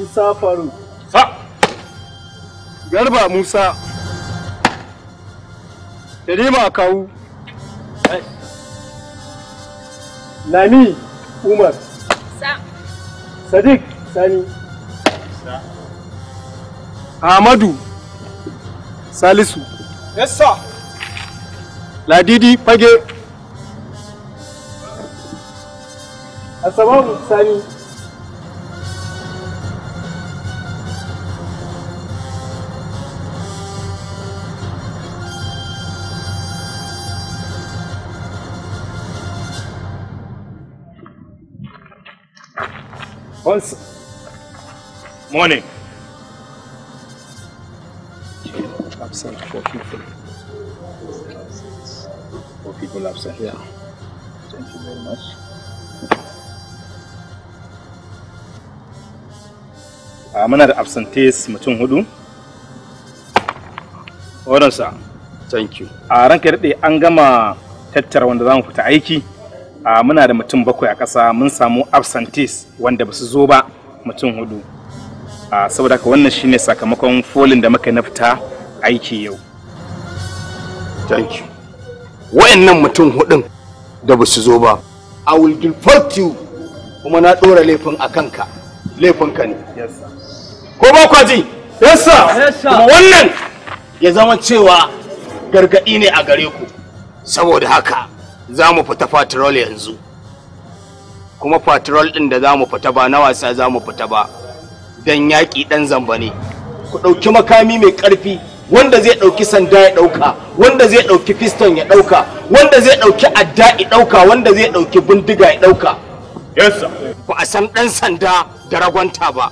Musa Faru. Sa! Garba Musa. Yarima Kawu. Lami Umar. Sa. Sadiq Sani. Sa. Ahmadu Salisu. Yes, sir. Ladidi Fage. Asababu Sani. Once morning. Absent for people. For people absent. Yeah. Thank you very much. a ah, muna da absentees mutum hudu wadansa thank you a ah, ranka daɗe an gama tattara wanda za mu fita aiki a ah, muna da mutum bakwai a ƙasa mun samu absentees wanda ba su zo ba mutum hudu a ah, saboda haka wannan shine sakamakon folin da muka na fita aiki yau thank you wayannan mutum hudun da ba su zo ba i will deport you kuma na dora laifin a kanka laifin ka ne ko ba kwa ji yes sir kuma wannan ya zama cewa gargadi ne a gare ku saboda haka za mu fita patrol yanzu kuma patrol ɗin da za mu fita ba na wasa za mu fita ba don yaƙi ɗan zamba ne ku ɗauki makami mai ƙarfi wanda zai ɗauki sanda ya ɗauka wanda zai ɗauki piston ya ɗauka wanda zai ɗauki adda ya ɗauka wanda zai ɗauki bindiga ya ɗauka ba a san ɗan sanda da ragwanta ba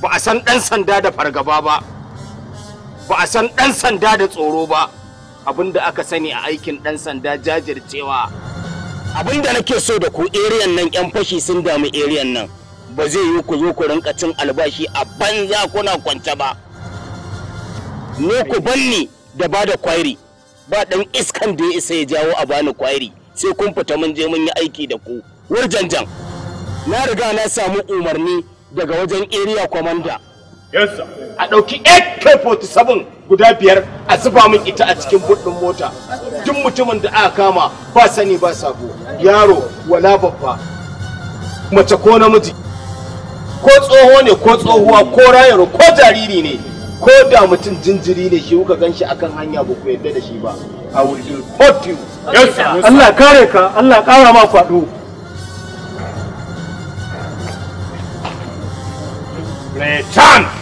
ba a san ɗan sanda da fargaba ba ba a san ɗan sanda da tsoro ba abin da aka sani a aikin ɗan sanda jajircewa abin da nake so da ku eriyan nan yan fashi sun damu eriyan nan ba zai yi ku zo ku rinka cin albashi a banza kuna kwanta ba ne ku banni da ba da kwairi ba dan iskan da ya isa ya jawo a bani kwairi sai kun fita mun je mun yi aiki da ku wurjanjan na riga na samu umarni daga wajen area commander yes sir a ɗauki ak-47 guda biyar a zuba min ita a cikin buɗin mota duk mutumin da aka kama ba sani ba sabo yaro wala babba mace ko namiji ko tsoho ne ko tsohuwa ko rayaro ko jariri ne ko da mutum jinjiri ne shi kuka ganshi akan hanya ba ku yadda da shi ba a wurin Allah kare ka Allah kara ma faɗo Return!